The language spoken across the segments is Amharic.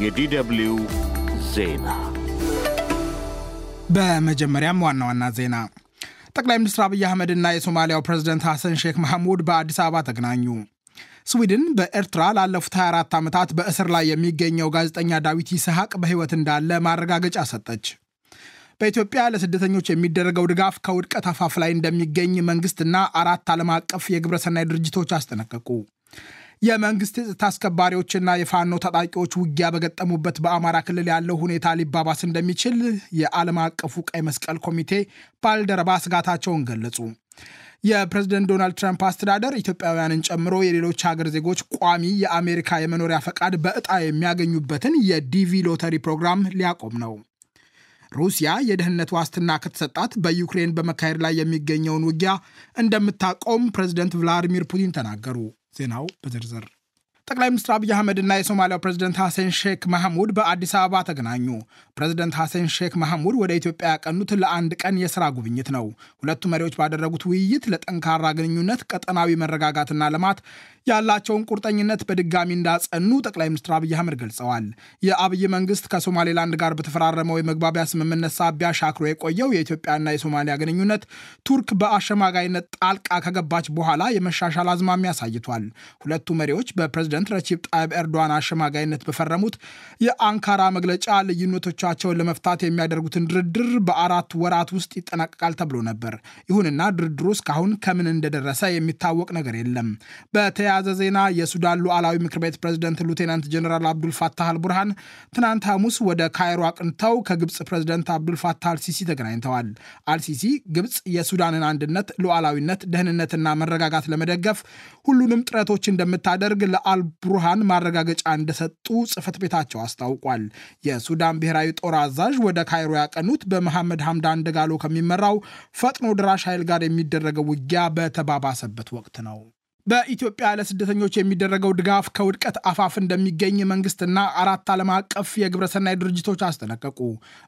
የዲደብልዩ ዜና በመጀመሪያም ዋና ዋና ዜና ጠቅላይ ሚኒስትር አብይ አህመድና የሶማሊያው ፕሬዚደንት ሐሰን ሼክ መሐሙድ በአዲስ አበባ ተገናኙ። ስዊድን በኤርትራ ላለፉት 24 ዓመታት በእስር ላይ የሚገኘው ጋዜጠኛ ዳዊት ይስሐቅ በሕይወት እንዳለ ማረጋገጫ ሰጠች። በኢትዮጵያ ለስደተኞች የሚደረገው ድጋፍ ከውድቀት አፋፍ ላይ እንደሚገኝ መንግስትና አራት ዓለም አቀፍ የግብረሰናይ ድርጅቶች አስጠነቀቁ። የመንግስት ጸጥታ አስከባሪዎችና የፋኖ ታጣቂዎች ውጊያ በገጠሙበት በአማራ ክልል ያለው ሁኔታ ሊባባስ እንደሚችል የዓለም አቀፉ ቀይ መስቀል ኮሚቴ ባልደረባ ስጋታቸውን ገለጹ። የፕሬዝደንት ዶናልድ ትራምፕ አስተዳደር ኢትዮጵያውያንን ጨምሮ የሌሎች ሀገር ዜጎች ቋሚ የአሜሪካ የመኖሪያ ፈቃድ በእጣ የሚያገኙበትን የዲቪ ሎተሪ ፕሮግራም ሊያቆም ነው። ሩሲያ የደህንነት ዋስትና ከተሰጣት በዩክሬን በመካሄድ ላይ የሚገኘውን ውጊያ እንደምታቆም ፕሬዝደንት ቭላዲሚር ፑቲን ተናገሩ። þinn ábyrðar ጠቅላይ ሚኒስትር አብይ እና የሶማሊያው ፕሬዝደንት ሐሰን ሼክ መሐሙድ በአዲስ አበባ ተገናኙ። ፕሬዝደንት ሐሰን ሼክ መሐሙድ ወደ ኢትዮጵያ ያቀኑት ለአንድ ቀን የስራ ጉብኝት ነው። ሁለቱ መሪዎች ባደረጉት ውይይት ለጠንካራ ግንኙነት፣ ቀጠናዊ መረጋጋትና ልማት ያላቸውን ቁርጠኝነት በድጋሚ እንዳጸኑ ጠቅላይ ሚኒስትር አብይ አህመድ ገልጸዋል። የአብይ መንግስት ከሶማሌላንድ ጋር በተፈራረመው የመግባቢያ ስምምነት ሳቢያ ሻክሮ የቆየው የኢትዮጵያና የሶማሊያ ግንኙነት ቱርክ በአሸማጋይነት ጣልቃ ከገባች በኋላ የመሻሻል አዝማሚያ አሳይቷል። ሁለቱ መሪዎች በፕሬዚደንት ፕሬዚደንት ረቺብ ጣይብ ኤርዶዋን አሸማጋይነት በፈረሙት የአንካራ መግለጫ ልዩነቶቻቸውን ለመፍታት የሚያደርጉትን ድርድር በአራት ወራት ውስጥ ይጠናቀቃል ተብሎ ነበር። ይሁንና ድርድሩ እስካሁን ከምን እንደደረሰ የሚታወቅ ነገር የለም። በተያያዘ ዜና የሱዳን ሉዓላዊ ምክር ቤት ፕሬዚደንት ሉቴናንት ጀኔራል አብዱልፋታህ አልቡርሃን ትናንት ሐሙስ ወደ ካይሮ አቅንተው ከግብፅ ፕሬዚደንት አብዱልፋታህ አልሲሲ ተገናኝተዋል። አልሲሲ ግብፅ የሱዳንን አንድነት፣ ሉዓላዊነት፣ ደህንነትና መረጋጋት ለመደገፍ ሁሉንም ጥረቶች እንደምታደርግ ለአል አልቡርሃን ማረጋገጫ እንደሰጡ ጽህፈት ቤታቸው አስታውቋል። የሱዳን ብሔራዊ ጦር አዛዥ ወደ ካይሮ ያቀኑት በመሐመድ ሐምዳን ደጋሎ ከሚመራው ፈጥኖ ድራሽ ኃይል ጋር የሚደረገው ውጊያ በተባባሰበት ወቅት ነው። በኢትዮጵያ ለስደተኞች የሚደረገው ድጋፍ ከውድቀት አፋፍ እንደሚገኝ መንግስትና አራት ዓለም አቀፍ የግብረሰናይ ድርጅቶች አስጠነቀቁ።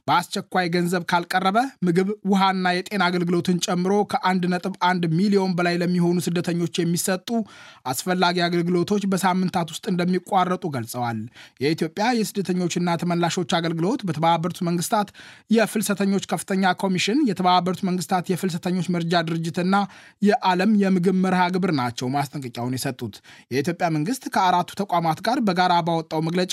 በአስቸኳይ ገንዘብ ካልቀረበ ምግብ፣ ውሃና የጤና አገልግሎትን ጨምሮ ከ1.1 ሚሊዮን በላይ ለሚሆኑ ስደተኞች የሚሰጡ አስፈላጊ አገልግሎቶች በሳምንታት ውስጥ እንደሚቋረጡ ገልጸዋል። የኢትዮጵያ የስደተኞችና ተመላሾች አገልግሎት በተባበሩት መንግስታት የፍልሰተኞች ከፍተኛ ኮሚሽን፣ የተባበሩት መንግስታት የፍልሰተኞች መርጃ ድርጅትና የዓለም የምግብ መርሃ ግብር ናቸው ማስጠንቀቂያውን የሰጡት። የኢትዮጵያ መንግስት ከአራቱ ተቋማት ጋር በጋራ ባወጣው መግለጫ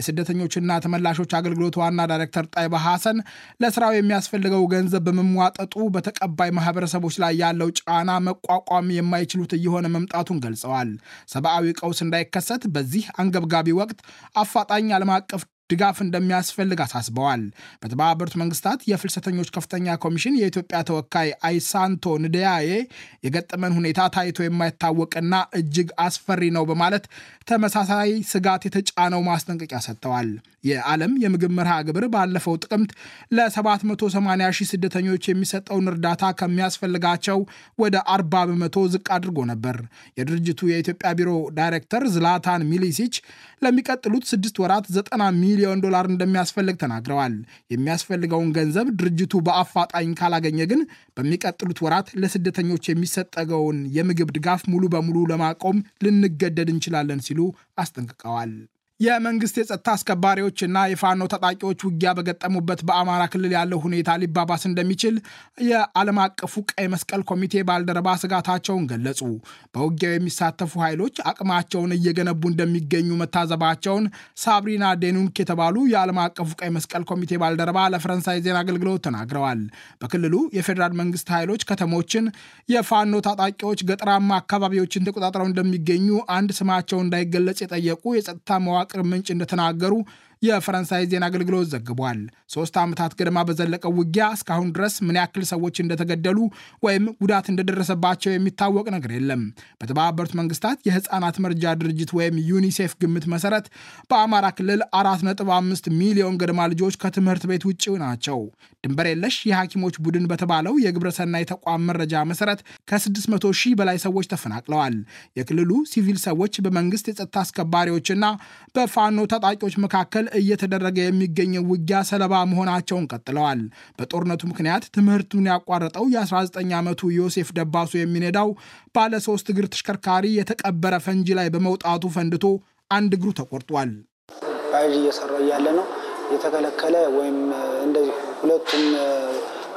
የስደተኞችና ተመላሾች አገልግሎት ዋና ዳይሬክተር ጣይባ ሐሰን ለስራው የሚያስፈልገው ገንዘብ በመሟጠጡ በተቀባይ ማህበረሰቦች ላይ ያለው ጫና መቋቋም የማይችሉት እየሆነ መምጣቱን ገልጸዋል። ሰብአዊ ቀውስ እንዳይከሰት በዚህ አንገብጋቢ ወቅት አፋጣኝ ዓለም አቀፍ ድጋፍ እንደሚያስፈልግ አሳስበዋል። በተባበሩት መንግስታት የፍልሰተኞች ከፍተኛ ኮሚሽን የኢትዮጵያ ተወካይ አይሳንቶ ንደያዬ የገጠመን ሁኔታ ታይቶ የማይታወቅና እጅግ አስፈሪ ነው በማለት ተመሳሳይ ስጋት የተጫነው ማስጠንቀቂያ ሰጥተዋል። የዓለም የምግብ መርሃ ግብር ባለፈው ጥቅምት ለ780 ሺህ ስደተኞች የሚሰጠውን እርዳታ ከሚያስፈልጋቸው ወደ 40 በመቶ ዝቅ አድርጎ ነበር። የድርጅቱ የኢትዮጵያ ቢሮ ዳይሬክተር ዝላታን ሚሊሲች ለሚቀጥሉት ስድስት ወራት 90 ሚሊዮን ሚሊዮን ዶላር እንደሚያስፈልግ ተናግረዋል። የሚያስፈልገውን ገንዘብ ድርጅቱ በአፋጣኝ ካላገኘ ግን በሚቀጥሉት ወራት ለስደተኞች የሚሰጠገውን የምግብ ድጋፍ ሙሉ በሙሉ ለማቆም ልንገደድ እንችላለን ሲሉ አስጠንቅቀዋል። የመንግስት የጸጥታ አስከባሪዎችና የፋኖ ታጣቂዎች ውጊያ በገጠሙበት በአማራ ክልል ያለው ሁኔታ ሊባባስ እንደሚችል የዓለም አቀፉ ቀይ መስቀል ኮሚቴ ባልደረባ ስጋታቸውን ገለጹ። በውጊያው የሚሳተፉ ኃይሎች አቅማቸውን እየገነቡ እንደሚገኙ መታዘባቸውን ሳብሪና ዴኑንክ የተባሉ የዓለም አቀፉ ቀይ መስቀል ኮሚቴ ባልደረባ ለፈረንሳይ ዜና አገልግሎት ተናግረዋል። በክልሉ የፌዴራል መንግስት ኃይሎች ከተሞችን፣ የፋኖ ታጣቂዎች ገጠራማ አካባቢዎችን ተቆጣጥረው እንደሚገኙ አንድ ስማቸው እንዳይገለጽ የጠየቁ የጸጥታ መዋቅ መዋቅር ምንጭ እንደተናገሩ የፈረንሳይ ዜና አገልግሎት ዘግቧል። ሶስት ዓመታት ገደማ በዘለቀው ውጊያ እስካሁን ድረስ ምን ያክል ሰዎች እንደተገደሉ ወይም ጉዳት እንደደረሰባቸው የሚታወቅ ነገር የለም። በተባበሩት መንግስታት የህፃናት መርጃ ድርጅት ወይም ዩኒሴፍ ግምት መሰረት በአማራ ክልል 4.5 ሚሊዮን ገደማ ልጆች ከትምህርት ቤት ውጭ ናቸው። ድንበር የለሽ የሐኪሞች ቡድን በተባለው የግብረሰናይ ተቋም መረጃ መሰረት ከ600 ሺህ በላይ ሰዎች ተፈናቅለዋል። የክልሉ ሲቪል ሰዎች በመንግስት የጸጥታ አስከባሪዎችና በፋኖ ታጣቂዎች መካከል እየተደረገ የሚገኘው ውጊያ ሰለባ መሆናቸውን ቀጥለዋል። በጦርነቱ ምክንያት ትምህርቱን ያቋረጠው የ19 ዓመቱ ዮሴፍ ደባሱ የሚነዳው ባለ ሶስት እግር ተሽከርካሪ የተቀበረ ፈንጂ ላይ በመውጣቱ ፈንድቶ አንድ እግሩ ተቆርጧል። ኃይል እየሰራ እያለ ነው የተከለከለ ወይም እንደዚህ ሁለቱም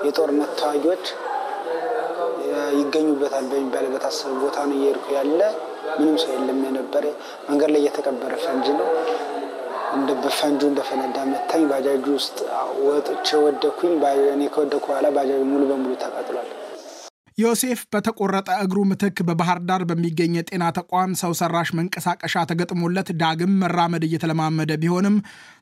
የጦርነት ተዋጊዎች ይገኙበታል በሚባል በታሰበ ቦታ ነው እየሄድኩ ያለ ምንም ሰው የለም የነበረ መንገድ ላይ እየተቀበረ ፈንጂ ነው እንደ በፈንጁ እንደፈነዳ መታኝ። ባጃጁ ውስጥ ወጥቼ ወደኩኝ። እኔ ከወደኩ በኋላ ባጃጁ ሙሉ በሙሉ ተቃጥሏል። ዮሴፍ በተቆረጠ እግሩ ምትክ በባህር ዳር በሚገኝ የጤና ተቋም ሰው ሰራሽ መንቀሳቀሻ ተገጥሞለት ዳግም መራመድ እየተለማመደ ቢሆንም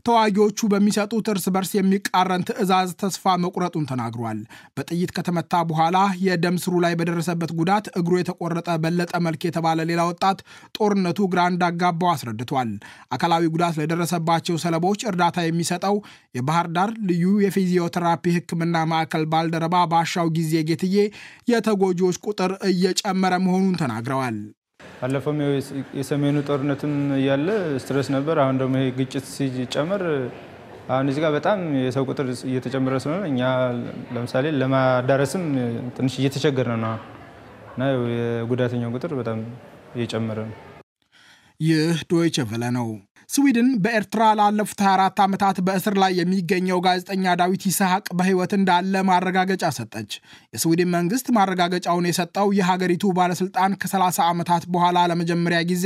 ተዋጊዎቹ በሚሰጡት እርስ በርስ የሚቃረን ትዕዛዝ ተስፋ መቁረጡን ተናግሯል። በጥይት ከተመታ በኋላ የደም ስሩ ላይ በደረሰበት ጉዳት እግሩ የተቆረጠ በለጠ መልክ የተባለ ሌላ ወጣት ጦርነቱ ግራ እንዳጋባው አስረድቷል። አካላዊ ጉዳት ለደረሰባቸው ሰለቦች እርዳታ የሚሰጠው የባህር ዳር ልዩ የፊዚዮቴራፒ ሕክምና ማዕከል ባልደረባ ባሻው ጊዜ ጌትዬ የተጎጂዎች ቁጥር እየጨመረ መሆኑን ተናግረዋል። አለፈውም የሰሜኑ ጦርነትም እያለ ስትረስ ነበር። አሁን ደግሞ ይሄ ግጭት ሲጨምር አሁን እዚህ ጋር በጣም የሰው ቁጥር እየተጨመረ ስለሆነ እኛ ለምሳሌ ለማዳረስም ትንሽ እየተቸገረ ነው እና የጉዳተኛው ቁጥር በጣም እየጨመረ ነው። ይህ ዶይቸ ቨለ ነው። ስዊድን በኤርትራ ላለፉት 24 ዓመታት በእስር ላይ የሚገኘው ጋዜጠኛ ዳዊት ይስሐቅ በሕይወት እንዳለ ማረጋገጫ ሰጠች። የስዊድን መንግስት ማረጋገጫውን የሰጠው የሀገሪቱ ባለስልጣን ከ30 ዓመታት በኋላ ለመጀመሪያ ጊዜ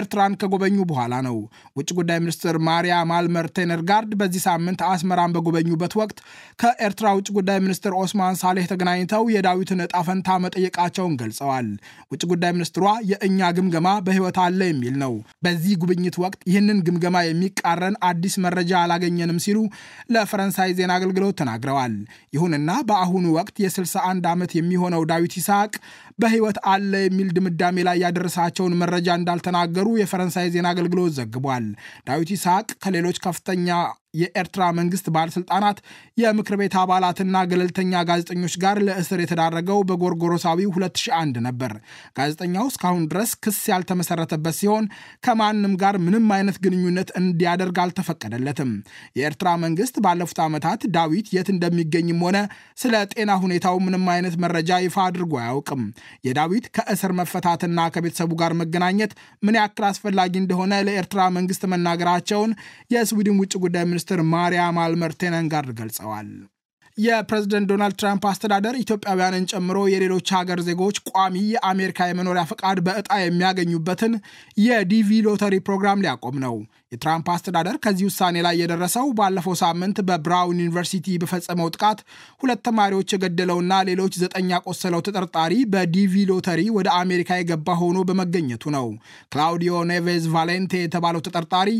ኤርትራን ከጎበኙ በኋላ ነው። ውጭ ጉዳይ ሚኒስትር ማሪያ ማልመር ቴነርጋርድ በዚህ ሳምንት አስመራን በጎበኙበት ወቅት ከኤርትራ ውጭ ጉዳይ ሚኒስትር ኦስማን ሳሌህ ተገናኝተው የዳዊትን እጣ ፈንታ መጠየቃቸውን ገልጸዋል። ውጭ ጉዳይ ሚኒስትሯ የእኛ ግምገማ በሕይወት አለ የሚል ነው። በዚህ ጉብኝት ወቅት ይህን ይህንን ግምገማ የሚቃረን አዲስ መረጃ አላገኘንም ሲሉ ለፈረንሳይ ዜና አገልግሎት ተናግረዋል። ይሁንና በአሁኑ ወቅት የ61 ዓመት የሚሆነው ዳዊት ይስሐቅ በህይወት አለ የሚል ድምዳሜ ላይ ያደረሳቸውን መረጃ እንዳልተናገሩ የፈረንሳይ ዜና አገልግሎት ዘግቧል። ዳዊት ይስሐቅ ከሌሎች ከፍተኛ የኤርትራ መንግስት ባለስልጣናት የምክር ቤት አባላትና ገለልተኛ ጋዜጠኞች ጋር ለእስር የተዳረገው በጎርጎሮሳዊ 2001 ነበር። ጋዜጠኛው እስካሁን ድረስ ክስ ያልተመሰረተበት ሲሆን ከማንም ጋር ምንም አይነት ግንኙነት እንዲያደርግ አልተፈቀደለትም። የኤርትራ መንግስት ባለፉት ዓመታት ዳዊት የት እንደሚገኝም ሆነ ስለ ጤና ሁኔታው ምንም አይነት መረጃ ይፋ አድርጎ አያውቅም። የዳዊት ከእስር መፈታትና ከቤተሰቡ ጋር መገናኘት ምን ያክል አስፈላጊ እንደሆነ ለኤርትራ መንግስት መናገራቸውን የስዊድን ውጭ ጉዳይ ሚኒስትር ማርያም ማልመር ቴነንጋርድ ገልጸዋል። የፕሬዝደንት ዶናልድ ትራምፕ አስተዳደር ኢትዮጵያውያንን ጨምሮ የሌሎች ሀገር ዜጎች ቋሚ የአሜሪካ የመኖሪያ ፈቃድ በእጣ የሚያገኙበትን የዲቪ ሎተሪ ፕሮግራም ሊያቆም ነው። የትራምፕ አስተዳደር ከዚህ ውሳኔ ላይ የደረሰው ባለፈው ሳምንት በብራውን ዩኒቨርሲቲ በፈጸመው ጥቃት ሁለት ተማሪዎች የገደለውና ሌሎች ዘጠኝ ያቆሰለው ተጠርጣሪ በዲቪ ሎተሪ ወደ አሜሪካ የገባ ሆኖ በመገኘቱ ነው። ክላውዲዮ ኔቬዝ ቫሌንቴ የተባለው ተጠርጣሪ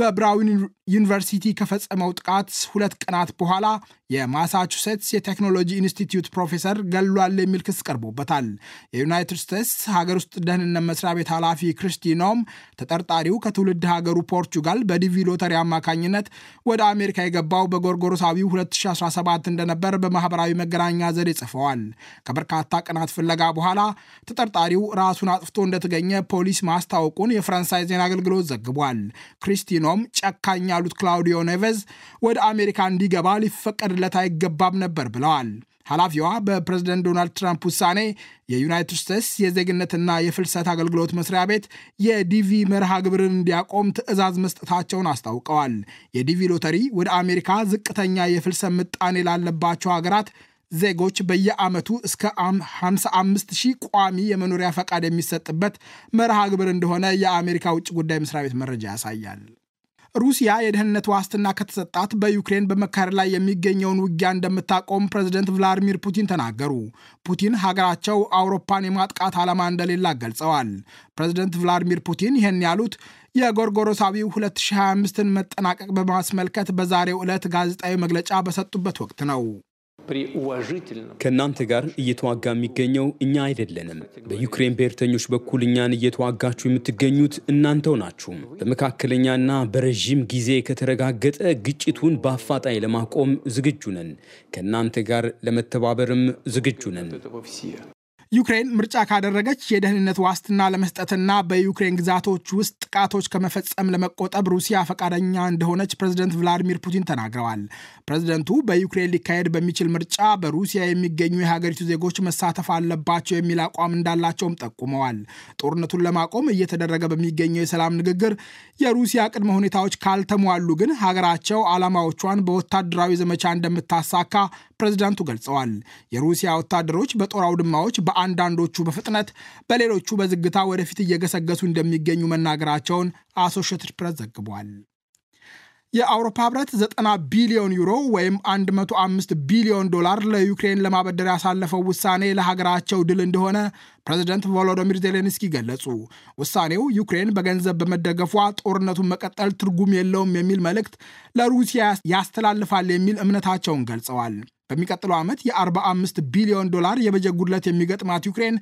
በብራውን ዩኒቨርሲቲ ከፈጸመው ጥቃት ሁለት ቀናት በኋላ የማሳቹሴትስ የቴክኖሎጂ ኢንስቲትዩት ፕሮፌሰር ገሏል የሚል ክስ ቀርቦበታል። የዩናይትድ ስቴትስ ሀገር ውስጥ ደህንነት መስሪያ ቤት ኃላፊ ክርስቲ ኖም ተጠርጣሪው ከትውልድ ሀገሩ ፖርቹ ፖርቹጋል በዲቪ ሎተሪ አማካኝነት ወደ አሜሪካ የገባው በጎርጎሮሳዊው 2017 እንደነበር በማህበራዊ መገናኛ ዘዴ ጽፈዋል። ከበርካታ ቀናት ፍለጋ በኋላ ተጠርጣሪው ራሱን አጥፍቶ እንደተገኘ ፖሊስ ማስታወቁን የፈረንሳይ ዜና አገልግሎት ዘግቧል። ክሪስቲኖም ጨካኝ ያሉት ክላውዲዮ ኔቬዝ ወደ አሜሪካ እንዲገባ ሊፈቀድለት አይገባም ነበር ብለዋል። ኃላፊዋ በፕሬዝደንት ዶናልድ ትራምፕ ውሳኔ የዩናይትድ ስቴትስ የዜግነትና የፍልሰት አገልግሎት መስሪያ ቤት የዲቪ መርሃ ግብርን እንዲያቆም ትዕዛዝ መስጠታቸውን አስታውቀዋል። የዲቪ ሎተሪ ወደ አሜሪካ ዝቅተኛ የፍልሰት ምጣኔ ላለባቸው ሀገራት ዜጎች በየዓመቱ እስከ 55 ሺህ ቋሚ የመኖሪያ ፈቃድ የሚሰጥበት መርሃ ግብር እንደሆነ የአሜሪካ ውጭ ጉዳይ መስሪያ ቤት መረጃ ያሳያል። ሩሲያ የደህንነት ዋስትና ከተሰጣት በዩክሬን በመካሄድ ላይ የሚገኘውን ውጊያ እንደምታቆም ፕሬዝደንት ቭላዲሚር ፑቲን ተናገሩ። ፑቲን ሀገራቸው አውሮፓን የማጥቃት ዓላማ እንደሌላ ገልጸዋል። ፕሬዝደንት ቭላዲሚር ፑቲን ይህን ያሉት የጎርጎሮሳዊው 2025ን መጠናቀቅ በማስመልከት በዛሬው ዕለት ጋዜጣዊ መግለጫ በሰጡበት ወቅት ነው። ከእናንተ ጋር እየተዋጋ የሚገኘው እኛ አይደለንም። በዩክሬን ብሔርተኞች በኩል እኛን እየተዋጋችሁ የምትገኙት እናንተው ናችሁ። በመካከለኛና በረዥም ጊዜ ከተረጋገጠ ግጭቱን በአፋጣኝ ለማቆም ዝግጁ ነን። ከእናንተ ጋር ለመተባበርም ዝግጁ ነን። ዩክሬን ምርጫ ካደረገች የደህንነት ዋስትና ለመስጠትና በዩክሬን ግዛቶች ውስጥ ጥቃቶች ከመፈጸም ለመቆጠብ ሩሲያ ፈቃደኛ እንደሆነች ፕሬዝደንት ቭላዲሚር ፑቲን ተናግረዋል። ፕሬዝደንቱ በዩክሬን ሊካሄድ በሚችል ምርጫ በሩሲያ የሚገኙ የሀገሪቱ ዜጎች መሳተፍ አለባቸው የሚል አቋም እንዳላቸውም ጠቁመዋል። ጦርነቱን ለማቆም እየተደረገ በሚገኘው የሰላም ንግግር የሩሲያ ቅድመ ሁኔታዎች ካልተሟሉ ግን ሀገራቸው ዓላማዎቿን በወታደራዊ ዘመቻ እንደምታሳካ ፕሬዚዳንቱ ገልጸዋል። የሩሲያ ወታደሮች በጦር አውድማዎች በአንዳንዶቹ በፍጥነት በሌሎቹ በዝግታ ወደፊት እየገሰገሱ እንደሚገኙ መናገራቸውን አሶሽትድ ፕሬስ ዘግቧል። የአውሮፓ ህብረት 90 ቢሊዮን ዩሮ ወይም 105 ቢሊዮን ዶላር ለዩክሬን ለማበደር ያሳለፈው ውሳኔ ለሀገራቸው ድል እንደሆነ ፕሬዚደንት ቮሎዶሚር ዜሌንስኪ ገለጹ። ውሳኔው ዩክሬን በገንዘብ በመደገፏ ጦርነቱን መቀጠል ትርጉም የለውም የሚል መልእክት ለሩሲያ ያስተላልፋል የሚል እምነታቸውን ገልጸዋል። በሚቀጥለው ዓመት የ45 ቢሊዮን ዶላር የበጀት ጉድለት የሚገጥማት ዩክሬን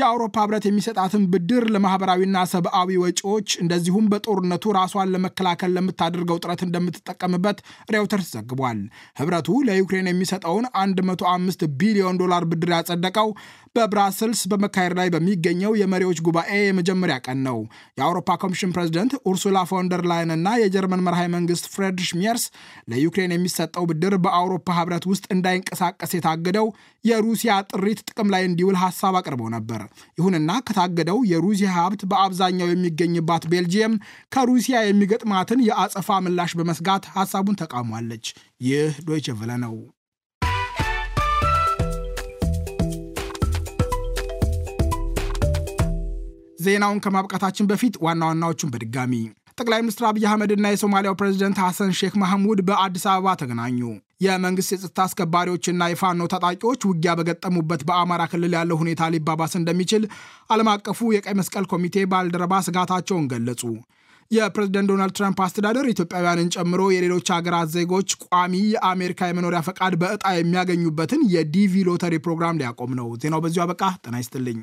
የአውሮፓ ህብረት የሚሰጣትን ብድር ለማህበራዊና ሰብአዊ ወጪዎች እንደዚሁም በጦርነቱ ራሷን ለመከላከል ለምታደርገው ጥረት እንደምትጠቀምበት ሬውተርስ ዘግቧል። ህብረቱ ለዩክሬን የሚሰጠውን 105 ቢሊዮን ዶላር ብድር ያጸደቀው በብራስልስ በመካሄድ ሀገር ላይ በሚገኘው የመሪዎች ጉባኤ የመጀመሪያ ቀን ነው። የአውሮፓ ኮሚሽን ፕሬዚደንት ኡርሱላ ፎንደር ላይን እና የጀርመን መርሃ መንግስት ፍሬድሪሽ ሚየርስ ለዩክሬን የሚሰጠው ብድር በአውሮፓ ህብረት ውስጥ እንዳይንቀሳቀስ የታገደው የሩሲያ ጥሪት ጥቅም ላይ እንዲውል ሀሳብ አቅርበው ነበር። ይሁንና ከታገደው የሩሲያ ሀብት በአብዛኛው የሚገኝባት ቤልጂየም ከሩሲያ የሚገጥማትን የአጸፋ ምላሽ በመስጋት ሀሳቡን ተቃውሟለች። ይህ ዶይቸ ነው። ዜናውን ከማብቃታችን በፊት ዋና ዋናዎቹን በድጋሚ ጠቅላይ ሚኒስትር አብይ አህመድና የሶማሊያው ፕሬዚደንት ሐሰን ሼክ ማህሙድ በአዲስ አበባ ተገናኙ። የመንግስት የጸጥታ አስከባሪዎችና የፋኖ ታጣቂዎች ውጊያ በገጠሙበት በአማራ ክልል ያለው ሁኔታ ሊባባስ እንደሚችል ዓለም አቀፉ የቀይ መስቀል ኮሚቴ ባልደረባ ስጋታቸውን ገለጹ። የፕሬዝደንት ዶናልድ ትራምፕ አስተዳደር ኢትዮጵያውያንን ጨምሮ የሌሎች ሀገራት ዜጎች ቋሚ የአሜሪካ የመኖሪያ ፈቃድ በእጣ የሚያገኙበትን የዲቪ ሎተሪ ፕሮግራም ሊያቆም ነው። ዜናው በዚሁ አበቃ። ጤና ይስጥልኝ።